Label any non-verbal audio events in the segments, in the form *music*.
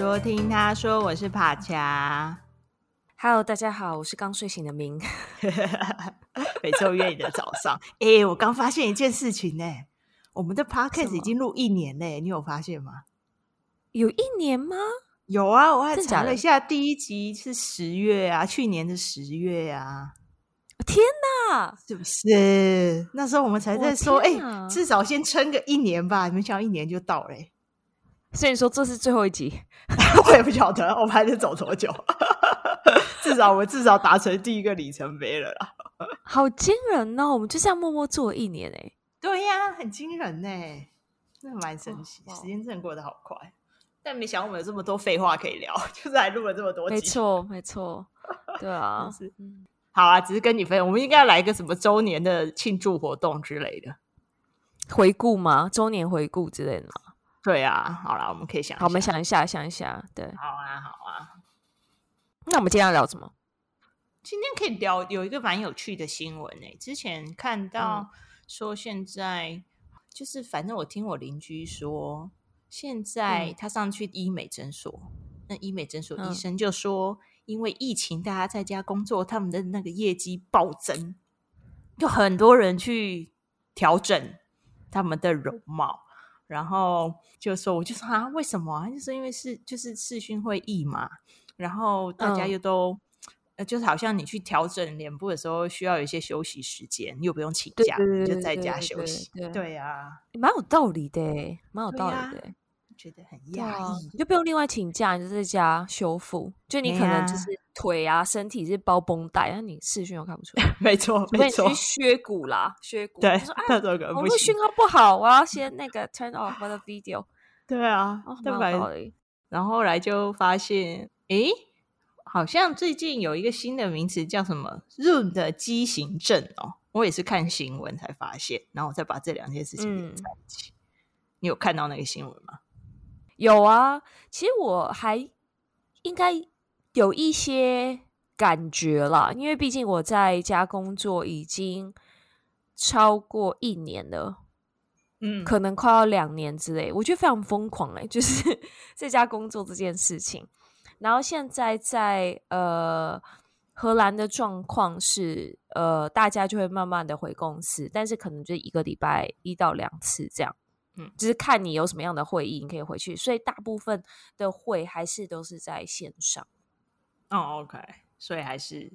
多聽他說我是帕恰，Hello，大家好，我是剛睡醒的明，每 *laughs* 週一的早上、 *laughs* 欸，我剛發現一件事情呢、欸，我們的 Podcast 麼已經錄一年嘞、欸，你有發現嗎？有一年嗎？有啊，我還查了一下，的的第一集是十月啊，去年的十月啊，天哪，是不是？那時候我們才在說，哎、欸，至少先撐個一年吧，沒想到一年就到嘞、欸。所以你說這是最後一集， *laughs* 我也不曉得我們還得走多久。 *laughs* 至少我們至少達成第一個里程碑了啦，好驚人哦！我們就這樣默默做了一年哎、欸，對呀、啊，很驚人哎、欸，那蠻神奇，時間真的過得好快。Oh, wow. 但沒想到我們有這麼多廢話可以聊，就是還錄了這麼多集，沒錯沒錯，對啊。 *laughs* 好啊，只是跟你分享，我們應該來一個什麼周年的慶祝活動之類的，回顧嗎？周年回顧之類的。對啊，嗯、哼，好啦，我們可以想一下。好，我們想一下，想一下，對。好啊，好啊，好啊。那我們今天要聊什麼？今天可以聊有一個蠻有趣的新聞誒、欸，之前看到說現在、嗯、就是，反正我聽我鄰居說，現在他上去醫美診所，嗯、那醫美診所醫生就說，嗯、因為疫情大家在家工作，他們的那個業績暴增，有很多人去調整他們的容貌。然後就說，我就說啊，為什麼？就是因為是就是視訊會議嘛。然後大家又都，呃，就是好像你去調整臉部的時候，需要有一些休息時間，你又不用請假，就在家休息。對啊，蠻有道理的，蠻有道理的。覺得很壓抑、啊，你就不用另外請假，你就在家修復。就你可能就是腿啊、啊身體是包繃帶，然你視訊又看不出來。沒錯，沒錯。削骨啦，削骨。對，說哎、我說啊，信號不好，我要先那個 turn off the video。對啊，哦、白蠻好。然後來就發現，誒，好像最近有一個新的名詞叫什麼 Zoom 的畸形症哦。我也是看新聞才發現，然後再把這兩件事情連在一起。嗯、你有看到那個新聞嗎？有啊，其實我還應該有一些感覺啦，因為畢竟我在家工作已經超過一年了，嗯，可能快要兩年之類，我覺得非常瘋狂欸，就是 *laughs* 在家工作這件事情。然後現在在呃荷蘭的狀況是，呃，大家就會慢慢的回公司，但是可能就一個禮拜一到兩次這樣。嗯，就是看你有什麼樣的會議，你可以回去。所以大部分的會還是都是在線上。哦，OK，所以還是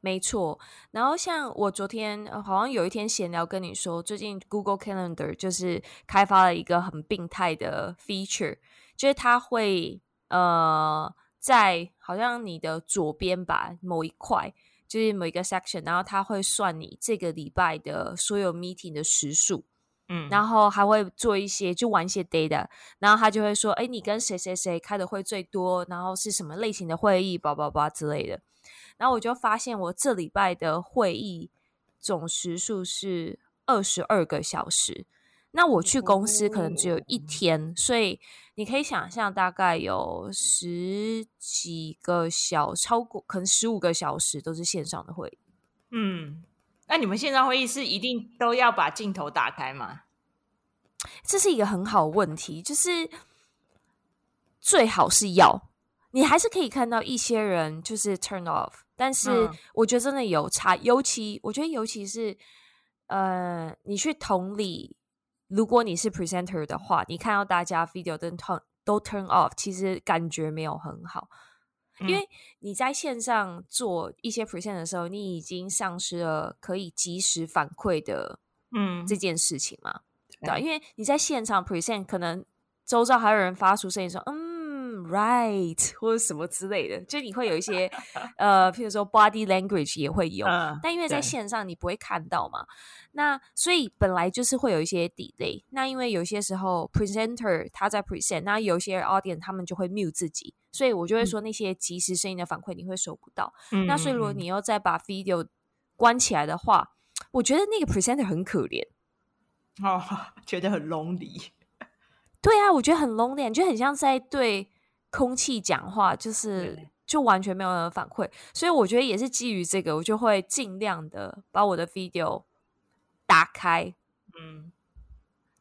沒錯。然後像我昨天好像有一天閒聊跟你說，最近 Google Calendar 就是開發了一個很病態的 feature，就是它會呃在好像你的左邊吧，某一塊就是某一個 section，然後它會算你這個禮拜的所有 meeting 的時數。嗯，然後還會做一些，就玩一些 data，然後他就會說，哎，你跟誰誰誰開的會最多，然後是什麼類型的會議，叭叭叭之類的。然後我就發現，我這禮拜的會議總時數是二十二個小時。那我去公司可能只有一天，嗯、所以你可以想象，大概有十幾個小，超過可能十五個小時都是線上的會議。嗯。那你們現在會議是一定都要把鏡頭打開嗎？這是一個很好的問題，就是最好是要。你還是可以看到一些人就是 turn off，但是我覺得真的有差，嗯、尤其我覺得尤其是，呃，你去同理，如果你是 presenter 的話，你看到大家 video 都 turn 都 turn off，其實感覺沒有很好。因為你在線上做一些 present 的時候，你已經喪失了可以及時反饋的，嗯，這件事情嘛，嗯、對吧？因為你在現場 present，可能周遭還有人發出聲音說，嗯。Right，或者什麼之類的，就你會有一些， *laughs* 呃，譬如說 body language 也會有，嗯、但因為在線上你不會看到嘛，對那所以本來就是會有一些 delay。那因為有些時候 presenter 他在 present，那有些 audience 他們就會 mute 自己，所以我就會說那些即時聲音的反饋你會收不到。嗯、那所以如果你要再把 video 關起來的話，我覺得那個 presenter 很可憐，哦，覺得很 lonely。對啊，我覺得很 lonely，就很像在對。空氣講話，就是就完全沒有人反饋，對所以我覺得也是基於這個，我就會儘量的把我的 video 打開，嗯，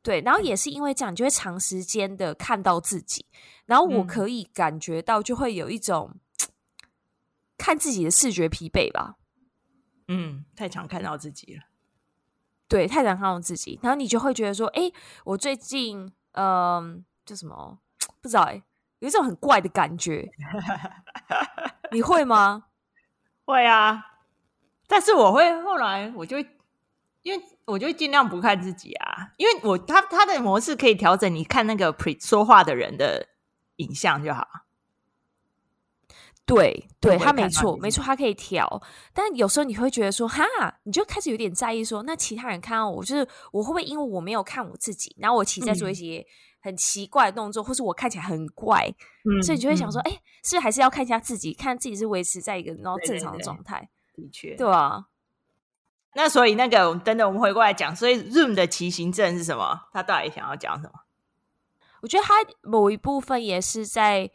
對，然後也是因為這樣，就會長時間的看到自己，然後我可以感覺到就會有一種、嗯、看自己的視覺疲憊吧，嗯，太常看到自己了，對，太常看到自己，然後你就會覺得說，哎、欸，我最近，嗯、呃，叫什麼不知道誒、欸。有一種很怪的感覺， *laughs* 你會嗎？ *laughs* 會啊，但是我會後來，我就因為我就儘量不看自己啊，因為我他他的模式可以調整，你看那個說話的人的影像就好。對，對他，他沒錯，沒錯，他可以調，但有時候你會覺得說哈，你就開始有點在意說，那其他人看到我，就是我會不會因為我沒有看我自己，然後我其實在做一些。嗯很奇怪的動作，或是我看起來很怪，嗯、所以你就會想說，哎、嗯，欸、是，是還是要看一下自己，看自己是維持在一個然後正常的狀態。的確，對啊。那所以那個，等等，我們回過來講。所以 Zoom 的畸形症是什麼？他到底想要講什麼？我覺得他某一部分也是在，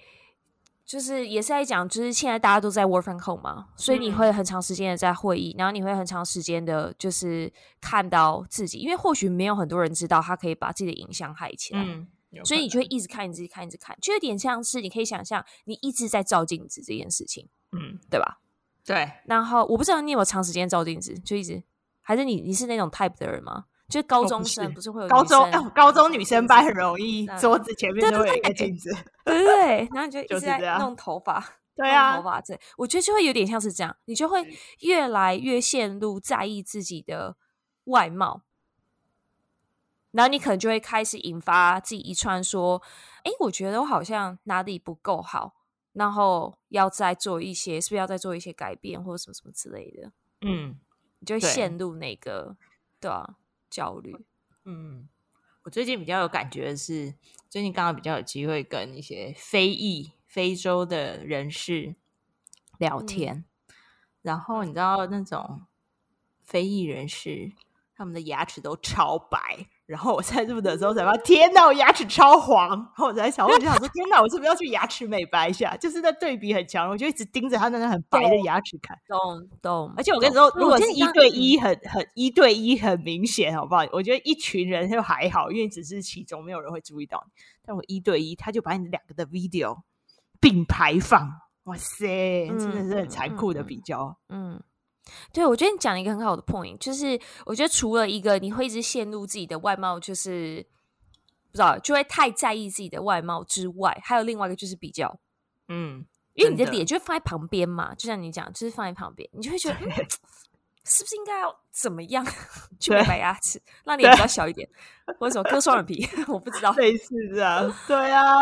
就是也是在講，就是現在大家都在 Work from Home 嘛，所以你會很長時間的在會議，嗯、然後你會很長時間的，就是看到自己，因為或許沒有很多人知道，他可以把自己的影像害起來。嗯所以你就會一直看，一直看，一直看，看，就有點像是你可以想象，你一直在照鏡子這件事情，嗯，對吧？對。然後我不知道你有沒有長時間照鏡子，就一直，還是你你是那種 type 的人嗎？就高中生不是會有、啊哦、是高中、呃，高中女生班很容易對桌子前面都在看鏡子，對對對。 *laughs* 然後你就一直在弄頭髮，對啊，頭髮這，我覺得就會有點像是這樣，你就會越來越陷入在意自己的外貌。然後你可能就會開始引發自己一串說：“哎，我覺得我好像哪裡不夠好，然後要再做一些，是不是要再做一些改變，或者什麼什麼之類的？”嗯，你就會陷入那個，對。對啊，焦慮。嗯，我最近比較有感覺的是，最近剛好比較有機會跟一些非裔非洲的人士聊天，嗯，然後你知道那種非裔人士，他們的牙齒都超白。然後我在錄的時候才發現：“天哪，我牙齒超黃！”然後我在想，我就想說：“天哪，我是不是要去牙齒美白一下？” *laughs* 就是那對比很強，我就一直盯着他那個很白的牙齒看。懂懂對。而且我跟你說，嗯、如果是一對一，很很一對一，很明顯，好不好？我覺得一群人就還好，因為只是其中沒有人會注意到你。但我一對一，他就把你兩個的 video 並排放，哇塞，真的是很殘酷的比較。嗯。嗯嗯對，我覺得你講了一個很好的 point，就是我覺得除了一個你會一直陷入自己的外貌，就是不知道就會太在意自己的外貌之外，還有另外一個就是比較，嗯，因為你的臉就會放在旁邊嘛，的就像你講，就是放在旁邊，你就會覺得對、嗯、是不是應該要怎麼樣去買 *laughs* 牙齒，對讓你也比較小一點？對我為什麼割雙眼皮？ *laughs* 我不知道，類似這樣，對啊，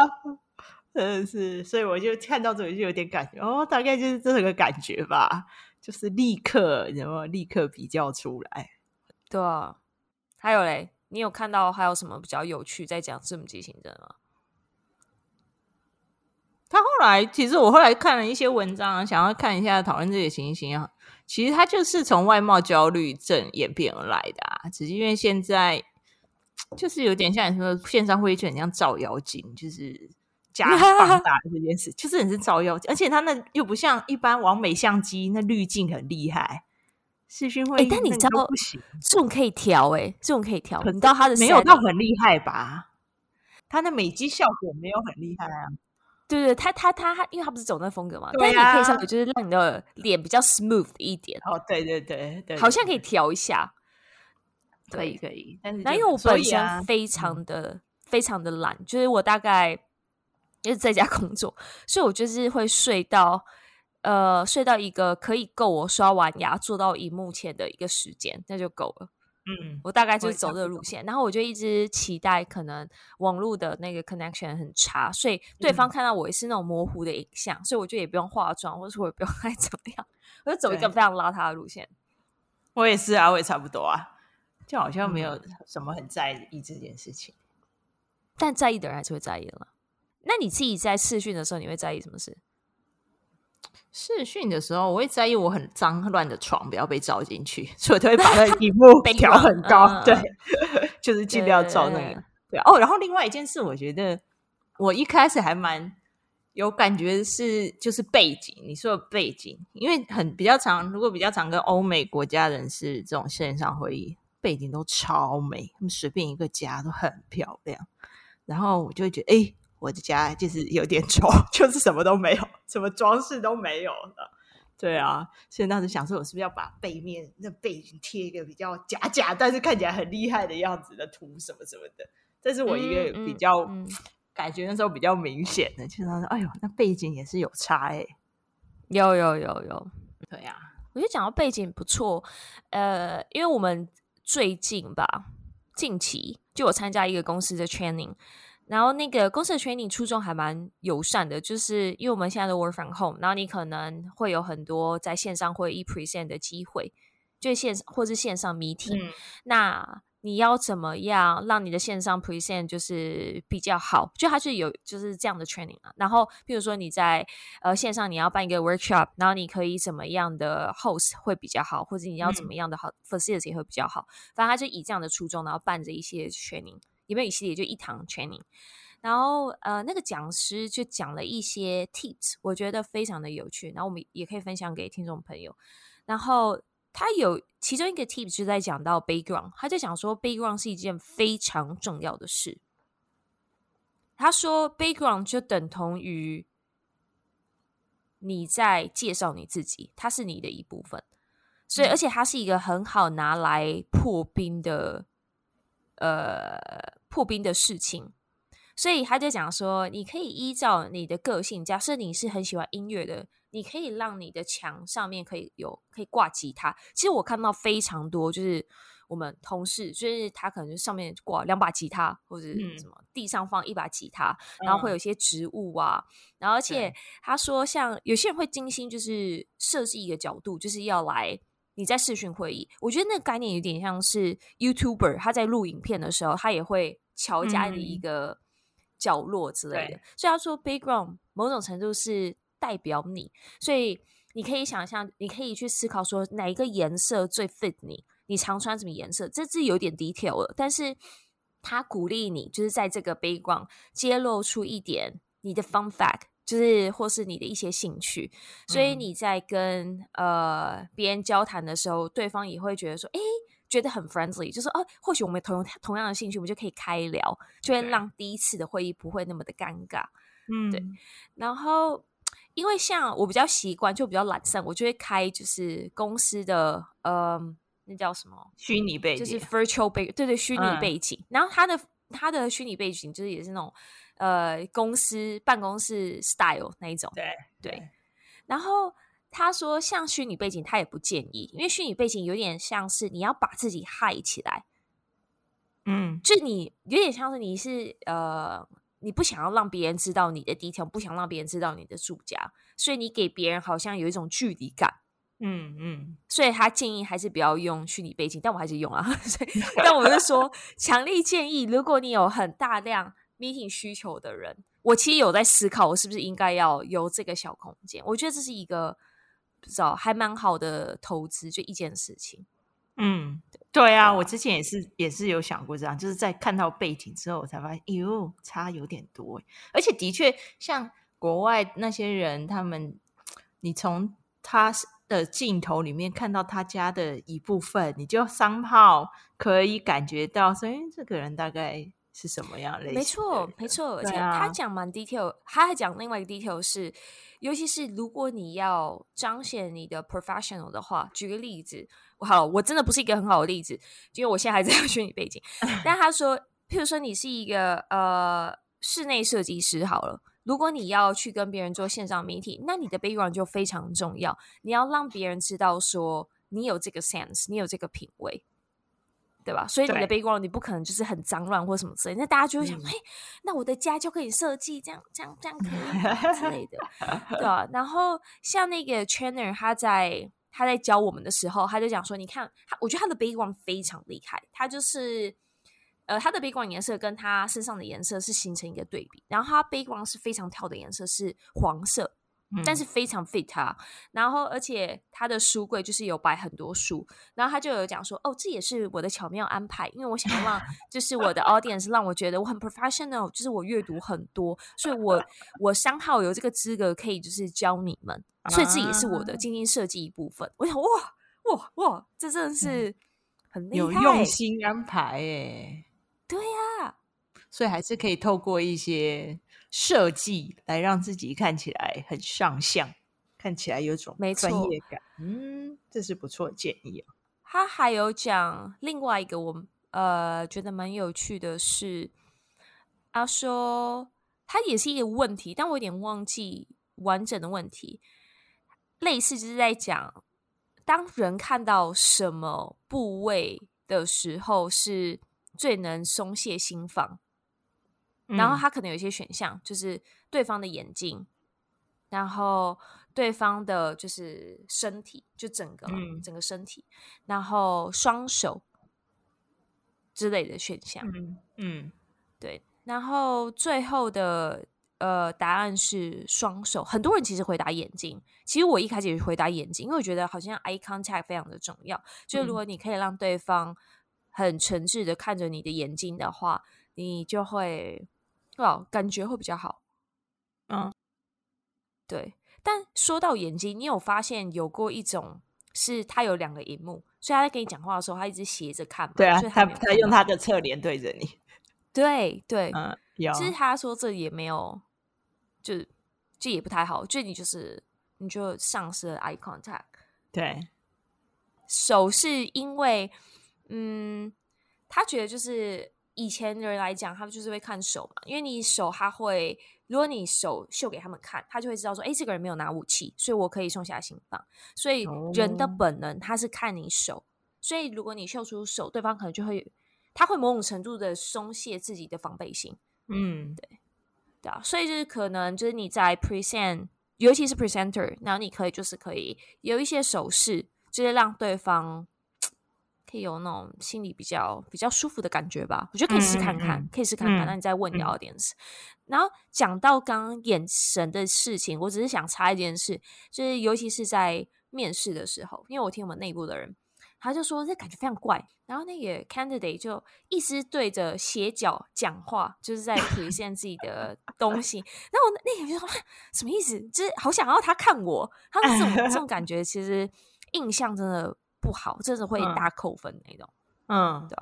真的是，所以我就看到這裡就有點感覺，哦，大概就是這種感覺吧。就是立刻，然後立刻比較出來，對啊。還有嘞，你有看到還有什麼比較有趣在講這麼畸形的嗎？他後來其實我後來看了一些文章，想要看一下討論這些情形啊。其實他就是從外貌焦慮症演變而來的啊，只是因為現在就是有點像你說線上會議圈那樣照妖鏡，就是。加放大這件事，就是你是照妖鏡，而且它那又不像一般完美相機，那濾鏡很厲害。視訊會，但你知道，這種可以調，哎，這種可以調，你知道它的沒有到很厲害吧？它的美肌效果沒有很厲害啊。對對，它它，他，因為它不是走那風格嘛，但你可以稍微就是讓你的臉比較 smooth 一點。哦，對對對對，好像可以調一下。可以可以，但是因為我本身非常的非常的懶，就是我大概。也是在家工作，所以我就是會睡到，呃，睡到一個可以夠我刷完牙、坐到熒幕前的一個時間，那就夠了。嗯，我大概就是走這個路線。然後我就一直期待，可能網絡的那個 connection 很差，所以對方看到我也是那種模糊的影像，嗯、所以我就也不用化妝，或者說我也不用再怎麼樣，我就走一個非常邋遢的路線。我也是啊，我也差不多啊，就好像沒有什麼很在意這件事情，嗯、但在意的人還是會在意的啦。那你自己在視訊的時候，你會在意什麼事？視訊的時候，我會在意我很髒亂的床不要被照進去，所以我都會把那屏幕調很高。 *laughs* 啊、對，就是盡量照那個。對，對，對，對，對哦，然後另外一件事，我覺得我一開始還蠻有感覺，是就是背景。你說的背景，因為很比較常，如果比較常跟歐美國家人士這種線上會議，背景都超美，他們隨便一個家都很漂亮。然後我就會覺得，哎、欸。我的家就是有點醜，就是什麼都沒有，什麼裝飾都沒有。對啊，所以當時想說，我是不是要把背面那背景貼一個比較假假，但是看起來很厲害的樣子的圖什麼什麼的？這是我一個比較、嗯嗯嗯、感覺那時候比較明顯的，就是說：“哎呦，那背景也是有差誒、欸。有有有有，對啊，我就講到背景不錯，呃，因為我們最近吧，近期就我參加一個公司的 training。然後那個公司的 training 初衷還蠻友善的，就是因為我們現在的 work from home，然後你可能會有很多在線上會議 present 的機會，就線或是線上 meeting、嗯。那你要怎麼樣讓你的線上 present 就是比較好？就它就有就是這樣的 training 啊。然後譬如說你在呃線上你要辦一個 workshop，然後你可以怎麼樣的 host 會比較好，或者你要怎麼樣的好、嗯、facility 會比較好？反正它就以這樣的初衷，然後辦着一些 training。有有裡面一系列就一堂 training，然後呃，那個講師就講了一些 tips，我覺得非常的有趣。然後我們也可以分享給聽眾朋友。然後他有其中一個 tips 就在講到 background，他在講說 background 是一件非常重要的事。他說 background 就等同於你在介紹你自己，它是你的一部分。所以，嗯，而且它是一個很好拿來破冰的，呃。破冰的事情，所以他就講說，你可以依照你的個性。假設你是很喜歡音樂的，你可以讓你的牆上面可以有可以掛吉他。其實我看到非常多，就是我們同事，就是他可能就上面掛兩把吉他，或者什麼地上放一把吉他，嗯、然後會有一些植物啊。嗯、然後，而且他說，像有些人會精心就是設計一個角度，就是要來。你在視訊會議，我覺得那個概念有點像是 YouTuber，他在錄影片的時候，他也會喬家的一個角落之類的。嗯嗯。所以他說 Background 某種程度是代表你，所以你可以想象，你可以去思考說哪一個顏色最 fit 你，你常穿什麼顏色，這是有點 detail 了。但是他鼓勵你，就是在這個 Background 揭露出一點你的 Fun Fact。就是，或是你的一些興趣，所以你在跟、嗯、呃別人交談的時候，對方也會覺得說，誒、欸，覺得很 friendly，就是哦、啊，或許我們同同樣的興趣，我們就可以開聊，就會讓第一次的會議不會那麼的尷尬。對嗯，對。然後，因為像我比較習慣，就比較懶散，我就會開就是公司的，嗯、呃，那叫什麼虛擬背景，就是 virtual 背景，對對,對，虛擬背景。嗯、然後他的他的虛擬背景就是也是那種。呃，公司辦公室 style 那一種，對對。對，然後他說，像虛擬背景，他也不建議，因為虛擬背景有點像是你要把自己 hide 起來，嗯，就你有點像是你是呃，你不想要讓別人知道你的 detail，不想讓別人知道你的住家，所以你給別人好像有一種距離感，嗯嗯。嗯，所以他建議還是不要用虛擬背景，但我還是用啊。 *laughs* 所以，但我就說， *laughs* 強力建議，如果你有很大量。meeting 需求的人，我其實有在思考，我是不是應該要有這個小空間？我覺得這是一個不知道還蠻好的投資，就一件事情。嗯，對，對啊，我之前也是、嗯、也是有想過這樣，就是在看到背景之後，我才發現，喲、哎，差有點多。而且的確，像國外那些人，他們你從他的鏡頭裡面看到他家的一部分，你就 somehow 可以感覺到說，哎，這個人大概。是什麼樣類型的。沒錯，沒錯，沒錯，而且他講蠻 detail，、啊、他還講另外一個 detail 是，尤其是如果你要彰顯你的 professional 的話，舉個例子，好，我真的不是一個很好的例子，因為我現在還在虛擬背景。 *laughs* 但他說，譬如說你是一個呃室內設計師，好了，如果你要去跟別人做線上媒體，那你的 background 就非常重要，你要讓別人知道說你有這個 sense，你有這個品味。對吧？所以你的背光，你不可能就是很髒亂或什麼之類。對那大家就會想，哎、嗯，欸，那我的家就可以設計這樣、這樣、這樣可以 *laughs* 之類的。對啊。然後像那個 Chandler 他在他在教我們的時候，他就講說，你看，他我覺得他的背光非常厲害，他就是呃，他的背光顏色跟他身上的顏色是形成一個對比，然後他背光是非常跳的顏色，是黃色。但是非常 fit 啊，嗯、然後而且他的書櫃就是有擺很多書，然後他就有講說，哦，這也是我的巧妙安排，因為我想要讓就是我的 audience 讓我覺得我很 professional， *laughs* 就是我閱讀很多，所以我我剛好有這個資格可以就是教你們，所以這也是我的精心設計一部分。我想，哇哇哇，這真的是很厲害，嗯，有用心安排耶。對呀，啊，所以還是可以透過一些。設計來讓自己看起來很上相，看起來有種專業感。沒錯。嗯，這是不錯的建議。他還有講另外一個我，我呃覺得蠻有趣的是，他、啊、說他也是一個問題，但我有點忘記完整的問題。類似就是在講，當人看到什麼部位的時候，是最能鬆懈心防，然後他可能有一些選項，嗯、就是對方的眼睛，然後對方的就是身體，就整個、嗯、整個身體，然後雙手之類的選項。嗯，嗯對。然後最後的呃答案是雙手。很多人其實回答眼睛，其實我一開始也是回答眼睛，因為我覺得好像 eye contact 非常的重要。就如果你可以讓對方很誠摯的看着你的眼睛的話，嗯、你就會。感覺會比較好，嗯，對。但說到眼睛，你有發現有過一種是他有兩個螢幕，所以他在跟你講話的時候，他一直斜着看嘛，對啊，所以他他，他用他的側臉對着你，對對，對嗯，有。其實他說這也沒有，就這也不太好，就你就是你就喪失了 eye contact，對。手是因為，嗯，他覺得就是。以前人來講，他們就是會看手嘛，因為你手他會，如果你手秀給他們看，他就會知道說，哎、欸，這個人沒有拿武器，所以我可以鬆下心防。所以人的本能，他是看你手，oh. 所以如果你秀出手，對方可能就會，他會某種程度的鬆懈自己的防備心。嗯，mm. 對，對啊，所以就是可能就是你在 present，尤其是 presenter，然後你可以就是可以有一些手勢，就是讓對方。可以有那種心裡比較比較舒服的感覺吧，我覺得可以試看看，可以試看看。那你再問你的 audience。嗯、然後講到剛剛眼神的事情，我只是想插一件事，就是尤其是在面試的時候，因為我聽我們內部的人，他就說這感覺非常怪。然後那個 candidate 就一直對着斜角講話，就是在體現自己的東西。 *laughs* 然後那個人就說什麼意思？就是好想要他看我，他這種 *laughs* 這種感覺，其實印象真的不好，這是會大扣分那種。嗯，嗯，對，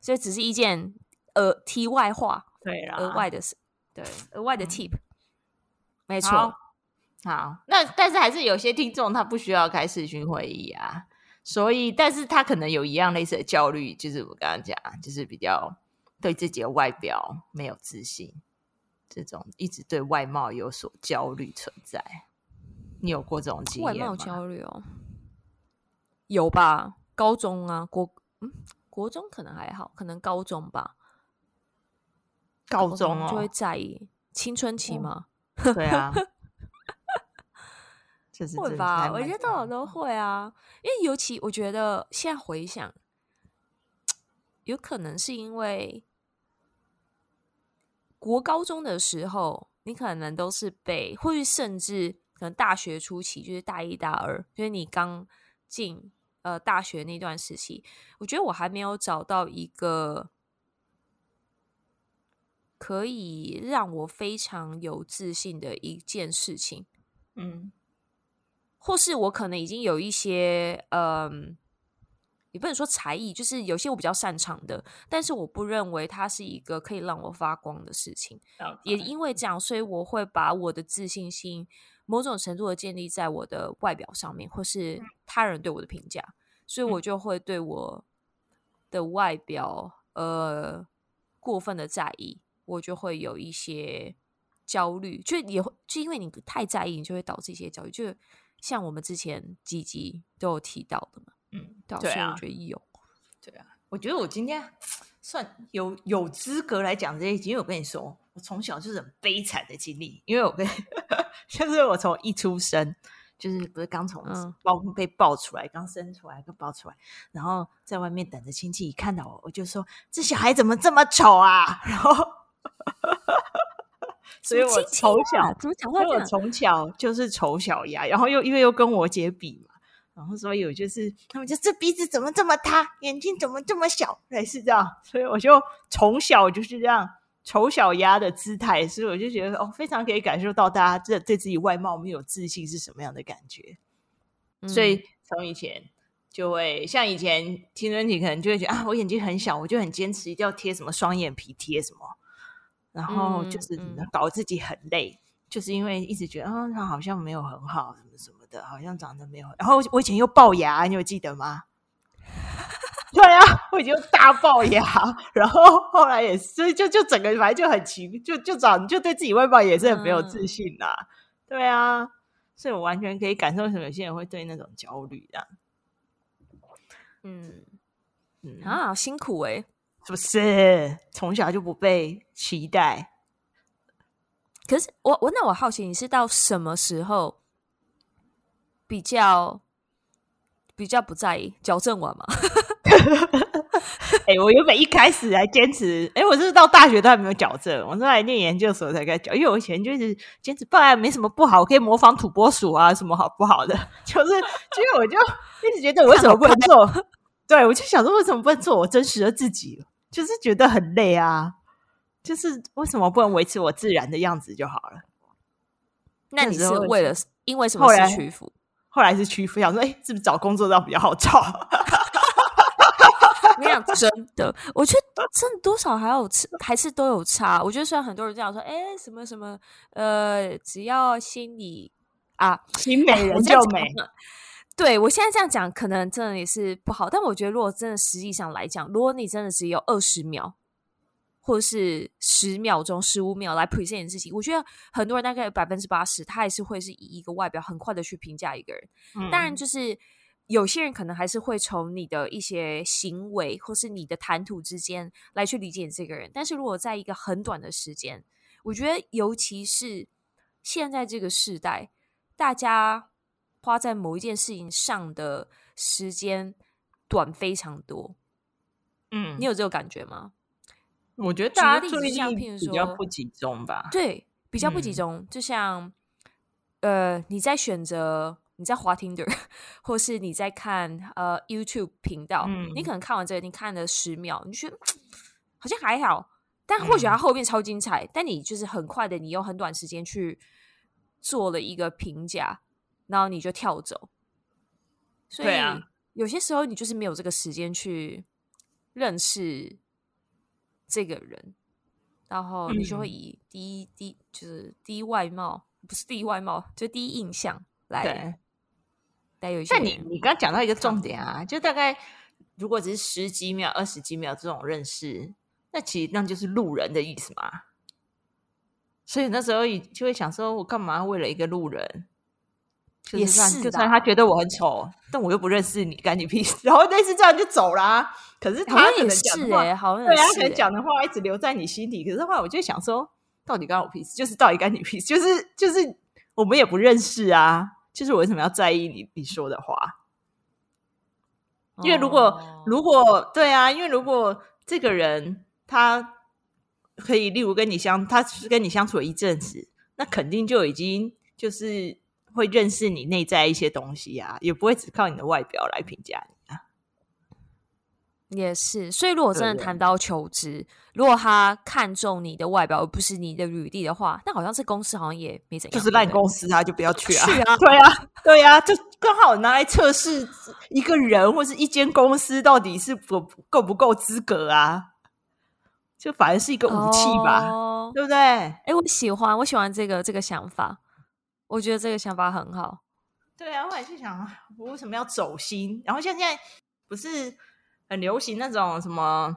所以只是一件呃，題外話，化對啦，額外的，對，額外的 tip，嗯，沒錯。好。好，那但是還是有些聽眾他不需要開視訊會議啊，所以但是他可能有一樣類似的焦慮，就是我剛剛講，就是比較對自己的外表沒有自信，這種一直對外貌有所焦慮存在。你有過這種經驗嗎？外貌焦慮哦？有吧，高中啊，國嗯，國中可能還好，可能高中吧，高中啊、哦，高中就會在意青春期嗎？哦、對啊， *laughs* 這是會吧？我覺得到老都會啊，嗯、因為尤其我覺得現在回想，有可能是因為國高中的時候，你可能都是被，或者甚至可能大學初期，就是大一、大二，因、就、為、是、你剛進。呃，大學那段時期，我覺得我還沒有找到一個可以讓我非常有自信的一件事情。嗯，或是我可能已經有一些，嗯、呃，也不能說才藝，就是有些我比較擅長的，但是我不認為它是一個可以讓我發光的事情。歉也因為這樣，所以我會把我的自信心。某種程度的建立在我的外表上面，或是他人對我的評價，所以我就會對我的外表、嗯、呃，過分的在意，我就會有一些焦慮，就也會就因為你太在意，你就會導致一些焦慮，就像我們之前幾集都有提到的嘛，嗯，對啊，所以我覺得有對、啊，對啊，我覺得我今天算有有資格來講這些，因為我跟你說。我從小就是很悲慘的經歷，因為我被，呵呵就是我從一出生就是不是剛從被抱出來，嗯、剛生出來剛抱出來，然後在外面等着親戚，一看到我我就說這小孩怎麼這麼醜啊，然後， *laughs* *laughs* 所以我從小什麼親戚啊？怎麼想到這樣？因為我從小就是醜小鴨，然後又因為又跟我姐比嘛，然後所以我就是他們就這鼻子怎麼這麼塌，眼睛怎麼這麼小，對，是這樣，所以我就從小就是這樣。醜小鴨的姿態，所以我就覺得哦，非常可以感受到大家這對自己外貌沒有自信是什麼樣的感覺。嗯、所以從以前就會像以前青春期，可能就會覺得啊，我眼睛很小，我就很堅持一定要貼什麼雙眼皮貼什麼，然後就是搞自己很累，嗯、就是因為一直覺得啊，他好像沒有很好，什麼什麼的，好像長得沒有。然後我以前又龅牙，你有記得嗎？對啊，我已經大齙牙， *laughs* 然後後來也是，就就整個反正就很奇，就就長，就對自己外貌也是很沒有自信的、啊。嗯、對啊，所以我完全可以感受什麼有些人會對那種焦慮啊。嗯嗯啊，辛苦誒、欸、是不是從小就不被期待？可是我我那我好奇你是到什麼時候比較比較不在意矯正完嗎？ *laughs* 哎、 *laughs* 欸，我原本一開始還堅持，哎、欸，我是到大學都還沒有矯正，我是來念研究所才開始矯，因為我以前就是堅持不哎，本來沒什麼不好，我可以模仿土撥鼠啊，什麼好不好的，就是，結果我就 *laughs* 一直覺得我為什麼不能做，對我就想說為什麼不能做我真實的自己，就是覺得很累啊，就是為什麼不能維持我自然的樣子就好了？那你是為了因為什麼是屈服後來？後來是屈服，想說哎、欸，是不是找工作這樣比較好找？ *laughs* 真的，我覺得真的多少還有還是都有差。我覺得雖然很多人這樣說，哎、欸，什麼什麼，呃，只要心裡啊，美人、欸、就美。對，我現在這樣講，可能真的也是不好。但我覺得，如果真的實際上來講，如果你真的只有二十秒，或者是十秒鐘、十五秒來 present 件事情，我覺得很多人大概有百分之八十，他還是會是以一個外表很快的去評價一個人。嗯、當然，就是。有些人可能還是會從你的一些行為或是你的談吐之間來去理解你這個人，但是如果在一個很短的時間，我覺得尤其是現在這個時代，大家花在某一件事情上的時間短非常多。嗯，你有這個感覺嗎？我覺得大家注意力比較不集中吧，對，比較不集中。嗯，就像呃，你在選擇。你在滑 Tinder，或是你在看呃 YouTube 頻道，嗯、你可能看完這個，你看了十秒，你就覺得好像還好，但或許他後面超精彩，嗯、但你就是很快的，你用很短時間去做了一個評價，然後你就跳走。所以對、啊、有些時候你就是沒有這個時間去認識這個人，然後你就會以第一第一、嗯、就是第一外貌，不是第一外貌，就是第一印象來。但你你剛剛講到一個重點啊，看就大概如果只是十幾秒、二十幾秒這種認識，那其實那就是路人的意思嘛。所以那時候就會想說，我幹嘛為了一個路人，就是、算也是就算他覺得我很醜，嗯、但我又不認識你，幹你屁事。然後類似這樣就走了。可是他也是哎，好對、欸，他可能講的話一直留在你心底、欸。可是後來我就會想說，到底幹我屁事？就是到底幹你屁事？就是就是我們也不認識啊。就是我為什麼要在意你你說的話？因為如果如果對啊，因為如果這個人他可以，例如跟你相，他是跟你相處了一陣子，那肯定就已經就是會認識你內在一些東西啊，也不會只靠你的外表來評價你。也是，所以如果真的談到求職，對如果他看中你的外表而不是你的履歷的話，那好像是公司好像也沒怎樣，就是爛公司，對、對，他就不要去啊，對 *laughs* 是啊，對啊，對啊，就剛好拿來測試一個人或是一間公司到底是不夠不夠資格啊，就反而是一個武器吧，oh, 對不對？哎、欸，我喜歡，我喜歡這個這個想法，我覺得這個想法很好。對啊，我還是想，我為什麼要走心？然後現在不是。很流行那種什麼，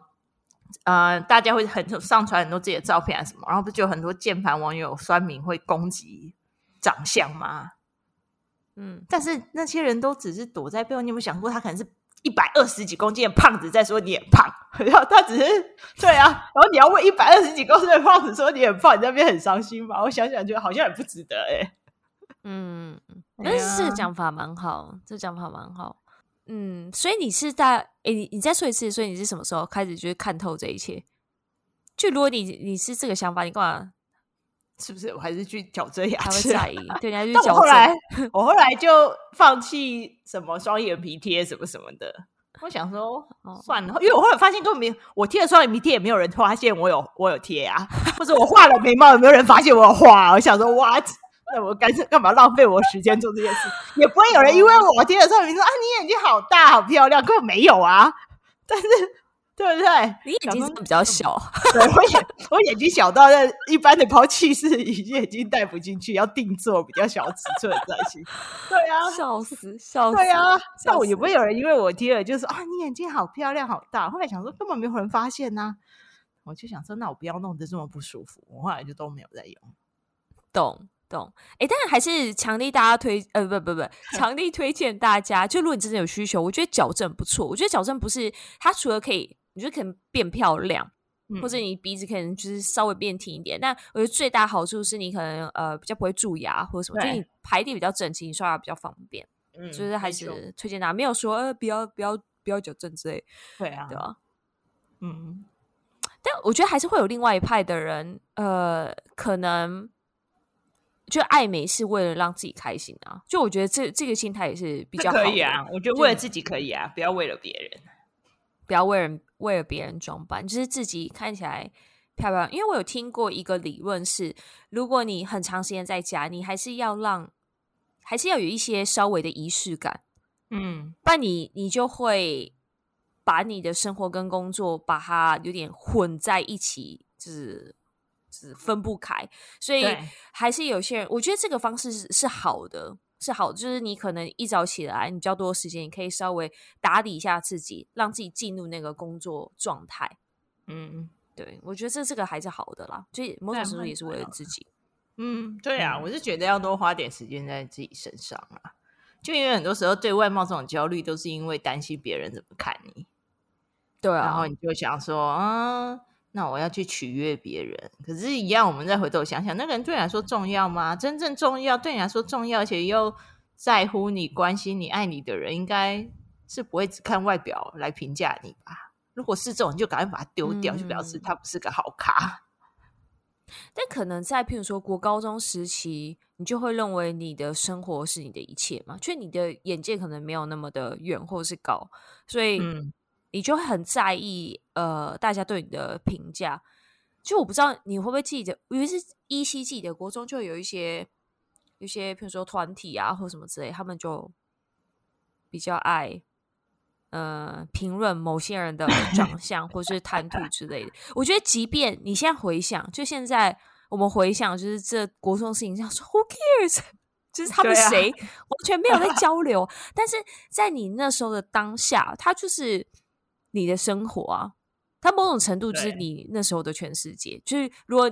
呃，大家會很上傳很多自己的照片啊什麼，然後不就很多鍵盤網友酸民會攻擊長相嗎？嗯，但是那些人都只是躲在背後，你有沒有想過，他可能是一百二十幾公斤的胖子在說你很胖，然後他只是對啊，然後你要問一百二十幾公斤的胖子說你很胖，你那邊很傷心吧？我想想，覺得好像也不值得誒、欸。嗯，但是這個講法蠻好，這個、講法蠻好。嗯，所以你是在，誒？你你再說一次？所以你是什麼時候開始就是看透這一切？就如果你你是這個想法，你幹嘛？是不是？我還是去矯正牙齒還會在意對，然後到後來，我後來就放棄什麼雙眼皮貼什麼什麼的。 *laughs* 我想說算了，因為我後來發現根本沒我貼了雙眼皮貼也沒有人發現我有我有貼啊，或者 *laughs* 我畫了眉毛也沒有人發現我有畫啊，我想說 what？ *laughs* 那我幹幹嘛浪費我的時間做這件事？也不會有人因為我貼了之後比如說 *laughs* 啊，你眼睛好大好漂亮，根本沒有啊。但是對不對？你眼睛比較小， *laughs* 我眼我眼睛小到那一般的拋棄式隱形眼鏡戴不進去，要定做比較小尺寸才行。 *laughs* 對啊，笑死笑死對啊，但我也不會有人因為我貼了就說死啊，你眼睛好漂亮好大。後來想說根本沒有人發現吶、啊。我就想說那我不要弄得這麼不舒服。我後來就都沒有再用，懂。懂。哎、欸，但還是強力大家推，呃不，不不不，強力推薦大家。 *laughs* 就如果你真的有需求，我覺得矯正不錯。我覺得矯正不是它除了可以，你覺得可能變漂亮，或者你鼻子，可能就是稍微變挺一點。那、嗯、我覺得最大好處是你可能呃比較不會蛀牙或者什麼，就對你排列比較整齊，你刷牙比較方便。嗯，就是還是推薦大家，沒有說呃不要不要不要矯正之類。對啊，對啊吧。嗯，但我覺得還是會有另外一派的人，呃，可能。就愛美是為了讓自己開心啊！就我覺得這這個心態也是比較好的，可以啊。就我覺得為了自己可以啊，不要為了別人，不要為了為了別人裝扮，就是自己看起來漂亮。因為我有聽過一個理論是，如果你很長時間在家，你還是要讓，還是要有一些稍微的儀式感。嗯，但然你你就會把你的生活跟工作把它有點混在一起，就是。分不開，所以還是有些人，對我覺得這個方式是，是好的，是好，就是你可能一早起來，你比較多的時間，你可以稍微打理一下自己，讓自己進入那個工作狀態。嗯，對，我覺得這這個還是好的啦，所以某種程度也是為了自己。嗯，對啊，我是覺得要多花點時間在自己身上啊，就因為很多時候對外貌這種焦慮，都是因為擔心別人怎麼看你。對啊，然後你就想說，嗯。那我要去取悅別人，可是，一樣，我們再回頭想想，那個人對你來說重要嗎？真正重要對你來說重要，而且又在乎你、關心你、愛你的人，應該是不會只看外表來評價你吧？如果是這種，你就趕快把它丟掉，嗯、就表示他不是個好咖。但可能在譬如說國高中時期，你就會認為你的生活是你的一切嘛，卻你的眼界可能沒有那麼的遠或是高，所以。嗯你就會很在意，呃，大家對你的評價。就我不知道你會不會記得，因為是依稀記得國中就有一些、有些，比如說團體啊，或什麼之類，他們就比較愛，呃，評論某些人的長相或是談吐之類的。 *laughs* 我覺得，即便你現在回想，就現在我們回想，就是這國中的事情，這樣說，Who cares？就是他們誰完全沒有在交流。對啊、 *laughs* 但是在你那時候的當下，他就是。你的生活啊，它某種程度就是你那時候的全世界。對就是如果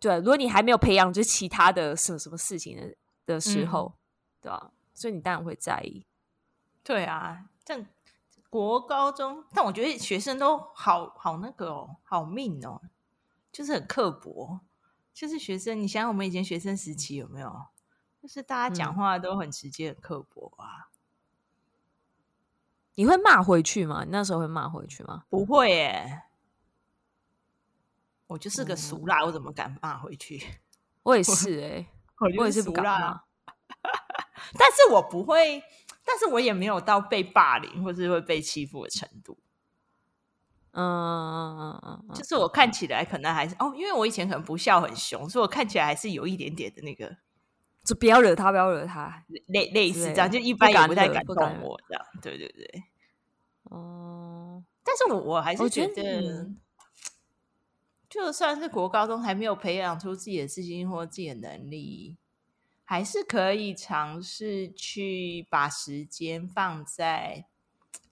對，如果你還沒有培養，就是其他的什麼什麼事情的的時候，嗯、對吧？所以你當然會在意。對啊，這樣國高中，但我覺得學生都好好那個哦，好 mean 哦，就是很刻薄，就是學生。你想想我們以前學生時期有沒有，就是大家講話都很直接、嗯、很刻薄啊。你會罵回去嗎？你那時候會罵回去嗎？不會耶、欸，我就是個俗辣，嗯、我怎麼敢罵回去？我也是誒、欸、我也是俗辣，是不敢罵 *laughs* 但是我不會，但是我也沒有到被霸凌或是會被欺負的程度。嗯嗯，就是我看起來可能還是、嗯、哦，因為我以前可能不笑很凶，所以我看起來還是有一點點的那個。就不要惹他，不要惹他，類類似這樣，對就一般也不，不敢太感動我這樣，對對對，哦，但是我我還是覺得，覺得就算是國高中還沒有培養出自己的自信或自己的能力，還是可以嘗試去把時間放在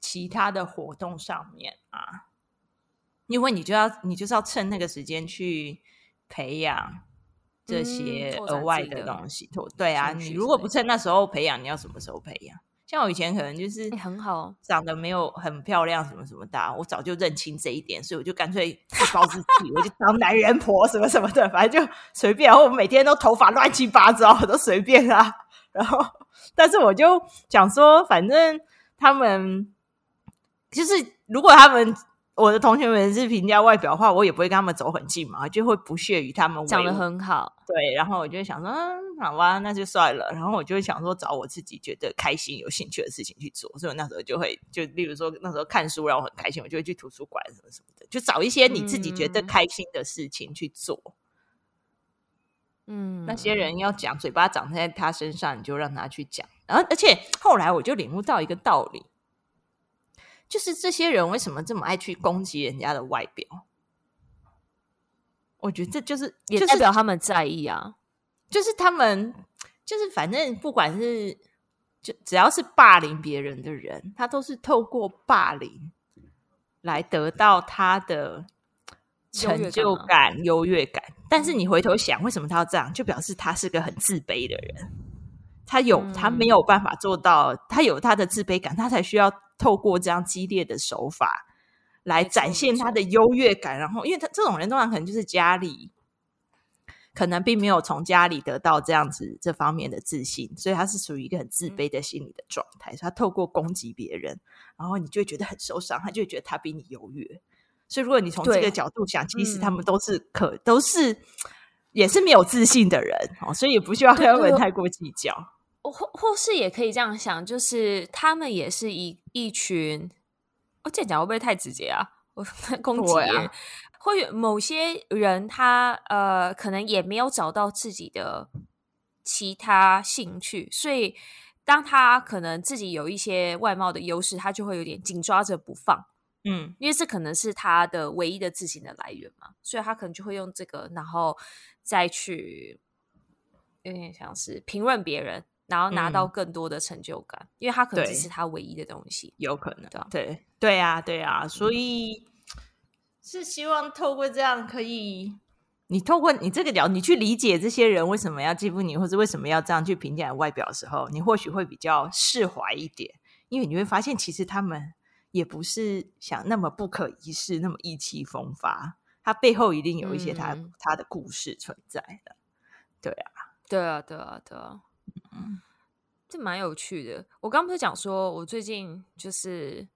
其他的活動上面啊，因為你就要，你就是要趁那個時間去培養。這些額外的東西，對啊，你如果不趁那時候培養，你要什麼時候培養？像我以前可能就是很好，長得沒有很漂亮，什麼什麼的，我早就認清這一點，所以我就乾脆自暴自棄，我就當男人婆什麼什麼的，反正就隨便。然後我每天都頭髮亂七八糟，我都隨便啊。然後，但是我就想說，反正他們就是如果他們，我的同學們是評價外表的話，我也不會跟他們走很近嘛，就會不屑於他們。講得很好，對。然後我就會想說，嗯，好吧，那就算了。然後我就會想說，找我自己覺得開心、有興趣的事情去做。所以我那時候就會，就例如說，那時候看書讓我很開心，我就會去圖書館什麼什麼的，就找一些你自己覺得開心的事情去做。嗯，那些人要講，嘴巴長在他身上，你就讓他去講。然後，而且後來我就領悟到一個道理。就是這些人為什麼這麼愛去攻擊人家的外表？我覺得這就是、就是、也代表他們在意啊。就是他們，就是反正不管是，就只要是霸凌別人的人，他都是透過霸凌來得到他的成就感、優越感、啊、優越感。但是你回頭想，為什麼他要這樣？就表示他是個很自卑的人。他有，他沒有辦法做到。嗯、他有他的自卑感，他才需要透過這樣激烈的手法來展現他的優越感。嗯、然後，因為他這種人通常可能就是家裡可能並沒有從家裡得到這樣子這方面的自信，所以他是屬於一個很自卑的心理的狀態。嗯、他透過攻擊別人，然後你就會覺得很受傷，他就會覺得他比你優越。所以，如果你從這個角度想，對其實他們都是可、嗯、都是也是沒有自信的人哦，所以也不需要跟他們太過計較。或或是也可以這樣想，就是他們也是一一群。我、哦、這樣講會不會太直接啊？我攻擊啊？會有、啊、某些人他呃，可能也沒有找到自己的其他興趣，所以當他可能自己有一些外貌的優勢，他就會有點緊抓着不放。嗯，因為這可能是他的唯一的自信的來源嘛，所以他可能就會用這個，然後再去有點像是評論別人。然後拿到更多的成就感，嗯、因為他可能是他唯一的東西，對吧有可能，對對啊，對啊，所以、嗯、是希望透過這樣可以，你透過你這個角，你去理解這些人為什麼要欺負你，或者為什麼要這樣去評價外表的時候，你或許會比較釋懷一點，因為你會發現其實他們也不是想那麼不可一世，那麼意氣風發，他背後一定有一些他、嗯、他的故事存在的，對啊，對啊，對啊，對啊。嗯，這蠻有趣的。我剛不是講說，我最近就是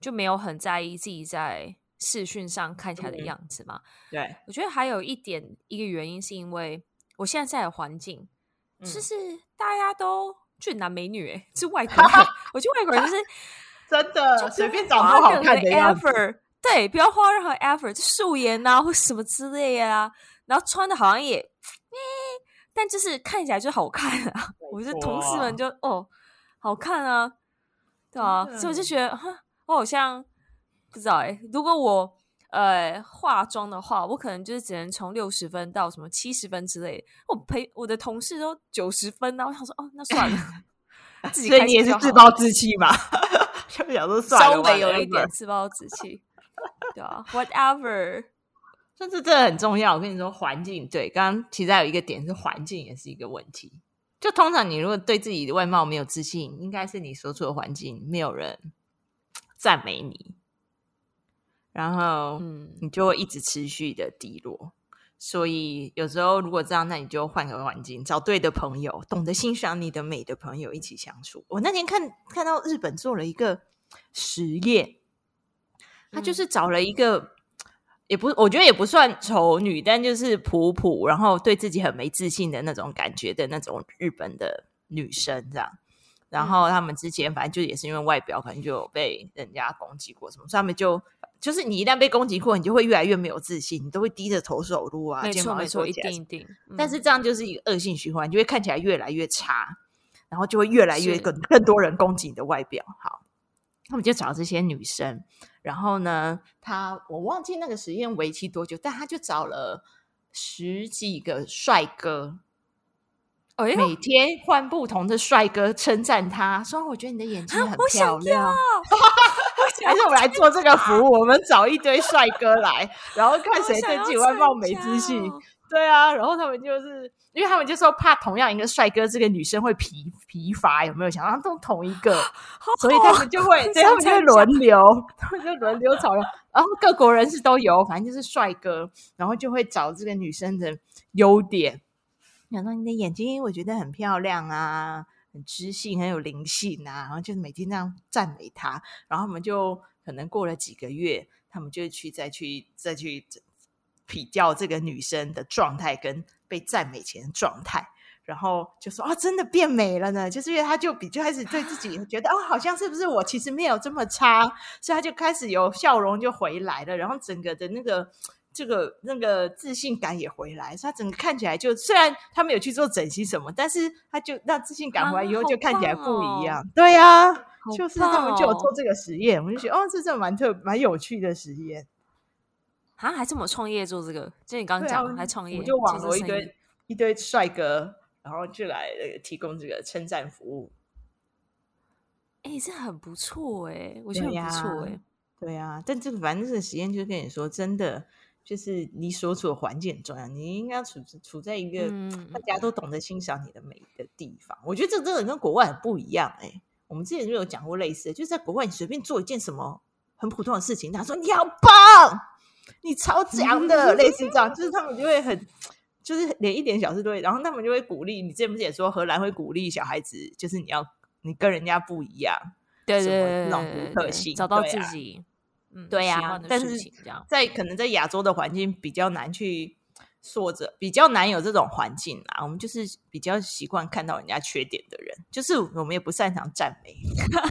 就沒有很在意自己在視訊上看起來的樣子嘛。對，對，我覺得還有一點一個原因，是因為我現在在的環境，就是、嗯、大家都俊男美女、欸，哎，是外國人。 *laughs* 我覺得外國人就是 *laughs* 真的就不隨便，找。得好看的樣子。effort, 對，不要花任何 effort，就素顏吶、啊，或什麼之類呀、啊，然後穿的好像也。但就是看起來就好看啊！Oh, 我的同事們就、oh. 哦，好看啊，對啊，Yeah. 所以我就覺得，我好像不知道、欸、如果我呃化妝的話，我可能就是只能從六十分到什麼七十分之類。我陪我的同事都九十分呢、啊，我想說哦，那算了。 *laughs* 自己所以你也是自暴自棄吧？ *laughs* *laughs* 想說算了，稍微有一點自暴自棄， *laughs* *laughs* 對啊，whatever。這是真的很重要。我跟你說，環境對。剛剛其實有一個點是，環境也是一個問題。就通常你如果對自己的外貌沒有自信，應該是你所處的環境沒有人讚美你，然後你就會一直持續的低落。嗯、所以有時候如果這樣，那你就換個環境，找對的朋友，懂得欣賞你的美的朋友一起相處。我那天看看到日本做了一個實驗，他就是找了一個。也不，我覺得也不算醜女，但就是普普，然後對自己很沒自信的那種感覺的那種日本的女生這樣。然後他們之前反正就也是因為外表，可能就有被人家攻擊過什麼，所以他們就就是你一旦被攻擊過，你就會越來越沒有自信，你都會低着頭走路啊，沒錯，肩膀會沒錯，一定一定、嗯、但是這樣就是一個惡性循環，就會看起來越來越差，然後就會越來越更更多人攻擊你的外表。是好，他們就找這些女生。然後呢，他我忘記那個實驗為期多久，但他就找了十幾個帥哥，哎、呦每天換不同的帥哥稱讚他，說我覺得你的眼睛很漂亮。啊、我想 *laughs* 還是我們來做這個服務，我、我們找一堆帥哥來， *laughs* 然後看誰對自己外貌沒自信。對啊，然後他們就是，因為他們就說怕同樣一個帥哥，這個女生會疲疲乏，有沒有？想到都同一個，好好啊、所以他們就會，他們就輪流，他們就輪流找。然後各國人士都有，反正就是帥哥，然後就會找這個女生的優點。想到你的眼睛，我覺得很漂亮啊，很知性，很有靈性啊。然後就每天這樣讚美她。然後我們就可能過了幾個月，他們就去再去再去。比較這個女生的狀態跟被讚美前的狀態，然後就說啊、哦，真的變美了呢。就是因為她就比就開始對自己覺得哦，好像是不是我其實沒有這麼差，所以她就開始有笑容就回來了，然後整個的那個這個那個自信感也回來。所以她整個看起來就雖然她沒有去做整形什麼，但是她就那自信感回來以後就看起來不一樣。啊哦、對呀、啊，哦、就是他們就有做這個實驗，我們就覺得哦，這真的蠻特蠻有趣的實驗。啊，還是我創業做這個，就你剛剛講，啊、還創業，我就網羅一堆一堆帥哥，然後就來提供這個稱讚服務。哎、欸，這很不錯哎、欸，我覺得很不錯哎、欸啊，對啊。但這個反正這個實驗就是跟你說，真的就是你所處的環境很重要，你應該處處在一個、嗯、大家都懂得欣賞你的美的個地方。我覺得這這個跟國外很不一樣哎、欸。我們之前就有講過類似，的，就是在國外你隨便做一件什麼很普通的事情，他說你好棒。你超強的，嗯、類似這樣，就是他們就會很，就是連一點小事都會，然後他們就會鼓勵。你之前不是也說荷蘭會鼓勵小孩子，就是你要你跟人家不一樣，對對對，那種個性，找到自己，啊、嗯，對呀、啊。要但是在可能在亞洲的環境比較難去說着，比較難有這種環境啦。我們就是比較習慣看到人家缺點的人，就是我們也不擅長讚美。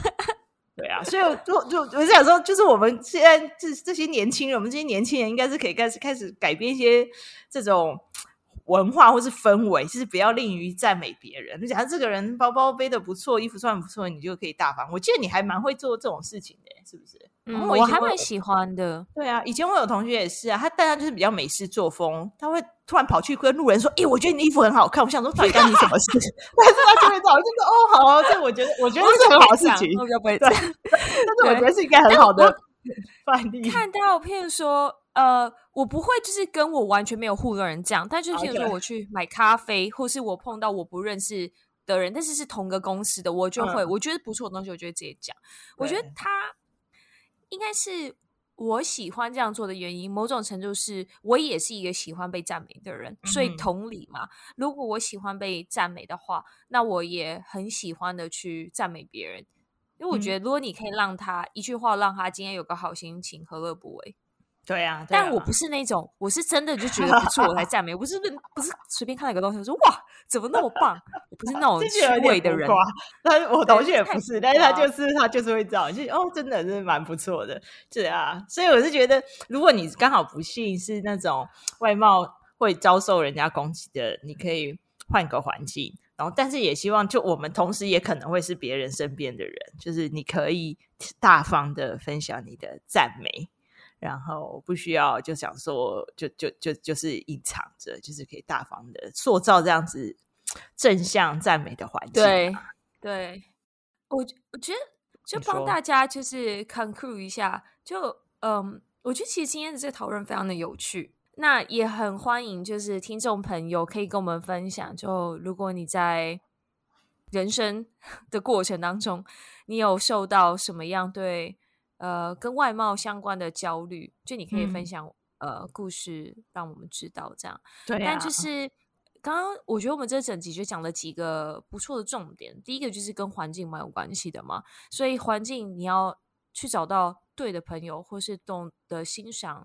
*laughs* *laughs* 對啊，所以我就就我是想說，就是我們現在這這些年輕人，我們這些年輕人應該是可以開始開始改變一些這種文化或是氛圍，就是不要吝於讚美別人。你想這個人包包背的不錯，衣服穿的不錯，你就可以大方。我記得你還蠻會做這種事情的，是不是？我還蠻喜歡的。對啊，以前我有同學也是啊，他但他就是比較美式作風，他會突然跑去跟路人說：“哎，我覺得你的衣服很好看。”我想說：“到底干你什麼事情。”但是他就會這就哦，好啊，這我覺得，我覺得這是很好的事情。”我就不會這但是我覺得是一個很好的。看到譬如說，呃，我不會就是跟我完全沒有互動的人講，但是譬如說我去買咖啡，或是我碰到我不認識的人，但是是同個公司的，我就會我覺得不錯的東西，我就會直接講。我覺得他。應該是我喜歡這樣做的原因，某種程度是我也是一個喜歡被讚美的人，所以同理嘛。嗯嗯，如果我喜歡被讚美的話，那我也很喜歡的去讚美別人，因為我覺得如果你可以讓他、嗯、一句話讓他今天有個好心情，何樂不為？對啊，對啊。但我不是那種，我是真的就覺得不錯，我才讚美。 *laughs* 我不是不是隨便看了一個東西，我說哇，怎麼那麼棒？ *laughs* 我不是那種虛偽的人。但是，我同學也不是，對但是他就是他就是，他就是會這樣，就哦，真的是蠻不錯的。對啊，所以我是覺得，如果你剛好不幸是那種外貌會遭受人家攻擊的，你可以換個環境。然後，但是也希望，就我們同時也可能會是別人身邊的人，就是你可以大方的分享你的讚美。然後不需要就想說，就就就就是隱藏着，就是可以大方的塑造這樣子正向讚美的環境啊。對，對，我我覺得就幫大家就是 conclude 一下，就嗯，我覺得其實今天的這個討論非常的有趣，那也很歡迎就是聽眾朋友可以跟我們分享，就如果你在人生的過程當中，你有受到什麼樣，對？呃，跟外貌相關的焦慮，就你可以分享、嗯、呃故事，讓我們知道這樣。對啊，但就是剛剛我覺得我們這整集就講了幾個不錯的重點。第一個就是跟環境蠻有關係的嘛，所以環境你要去找到對的朋友，或是懂得欣賞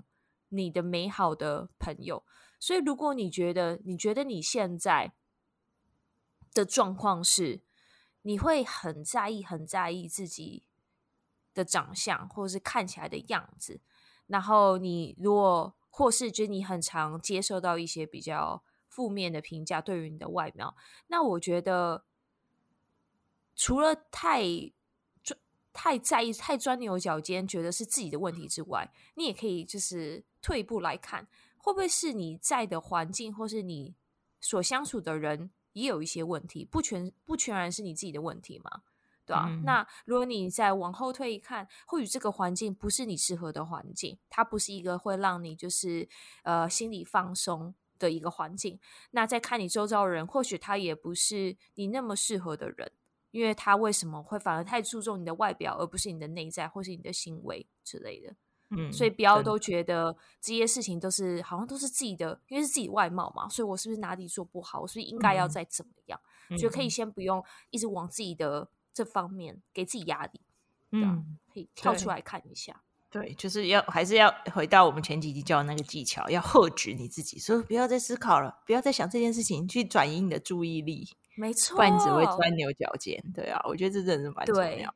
你的美好的朋友。所以如果你覺得你覺得你現在的，的狀況是你會很在意，很在意自己的長相，或者是看起來的樣子，然後你如果或是覺得你很常接受到一些比較負面的評價對於你的外貌，那我覺得除了太太在意、太鑽牛角尖，覺得是自己的問題之外，你也可以就是退一步來看，會不會是你在的環境，或是你所相處的人也有一些問題，不全不全然是你自己的問題嗎？嗯，那如果你再往後退一看，或許這個環境不是你適合的環境，它不是一個會讓你就是呃心理放鬆的一個環境。那再看你周遭的人，或許他也不是你那麼適合的人，因為他為什麼會反而太注重你的外表，而不是你的內在或是你的行為之類的？嗯，所以不要都覺得這些事情都是好像都是自己的，因為是自己外貌嘛，所以我是不是哪裡做不好？我所以應該要再怎麼樣？嗯，所以可以先不用一直往自己的。這方面給自己壓力，嗯、啊，可以跳出來看一下。對，對，就是要還是要回到我們前幾集教那個技巧，要喝止你自己，所以不要再思考了，不要再想這件事情，去轉移你的注意力。沒錯，不然你只會鑽牛角尖。對啊，我覺得這真的是蠻重要對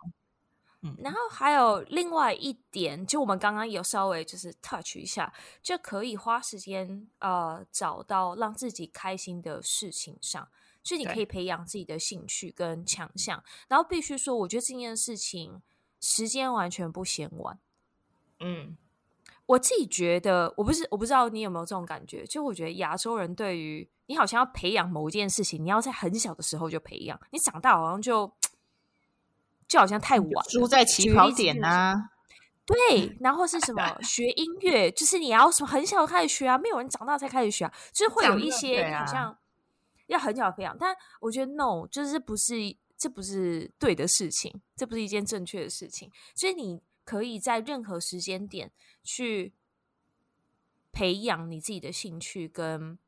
嗯，然後還有另外一點，就我們剛剛有稍微就是 touch 一下，就可以花時間啊、呃，找到讓自己開心的事情上。所以你可以培養自己的興趣跟強項，對然後必須說，我覺得這件事情時間完全不嫌晚。嗯，我自己覺得，我不是，我不知道你有沒有這種感覺，就我覺得亞洲人對於你好像要培養某一件事情，你要在很小的時候就培養，你長大好像就就好像太晚了，輸在起跑點吶、啊。對，然後是什麼 *laughs* 學音樂，就是你要什麼很小的開始學啊，沒有人長大才開始學啊，就是會有一些好像。要很小培養，但我覺得 no，就是不是，這不是對的事情，這不是一件正確的事情，所以你可以在任何時間點去培養你自己的興趣跟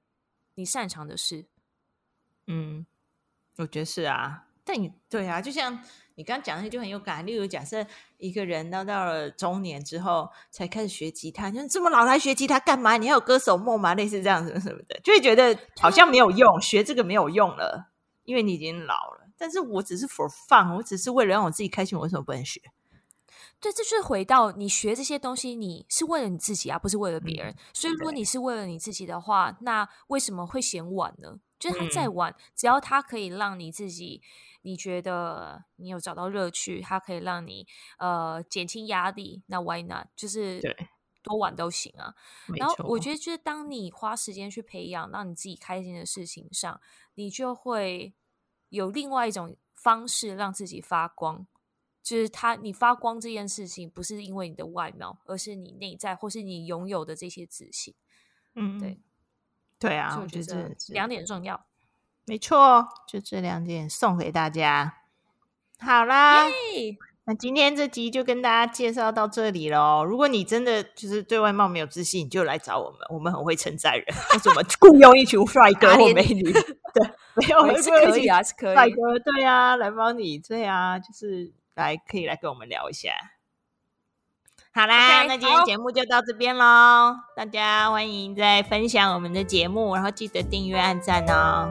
你擅長的事。嗯，我覺得是啊，但你對啊，就像。你剛剛講的就很有感覺。例如假設一個人到到了中年之後才開始學吉他，說這麼老來學吉他幹嘛？你還有歌手夢嗎？類似這樣子什麼，什麼的，就會覺得好像沒有用，對學這個沒有用了，因為你已經老了。但是我只是 for fun，我只是為了讓我自己開心，我為什麼不能學？對，這就是回到你學這些東西，你是為了你自己而、啊、不是為了別人。嗯、對對，所以如果你是為了你自己的話，那為什麼會嫌晚呢？就是他在玩，嗯、只要他可以讓你自己，你覺得你有找到樂趣，他可以讓你呃減輕壓力，那 Why not？就是多玩都行啊。對然後我覺得，就是當你花時間去培養錯讓你自己開心的事情上，你就會有另外一種方式讓自己發光。就是他，你發光這件事情不是因為你的外貌，而是你內在或是你擁有的這些自信。嗯，對。對啊，我覺得兩點很重要，很重要沒錯，就這兩點送給大家。好啦，Yay! 那今天這集就跟大家介紹到這裡嘍。如果你真的就是對外貌沒有自信，你就來找我們，我們很會稱讚人，為什麼僱傭一群帥哥或美女，對、 *laughs* 哎，沒 *laughs* 有、 *laughs* 哎，是可以啊，是可以，帥哥，對啊，來幫你，對啊，就是來可以來跟我們聊一下。好啦，okay, 那今天節目就到這邊嘍。Oh. 大家歡迎再分享我們的節目，然後記得訂閱、按讚哦。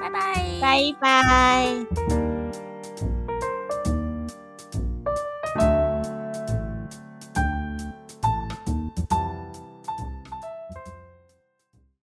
拜拜，拜拜。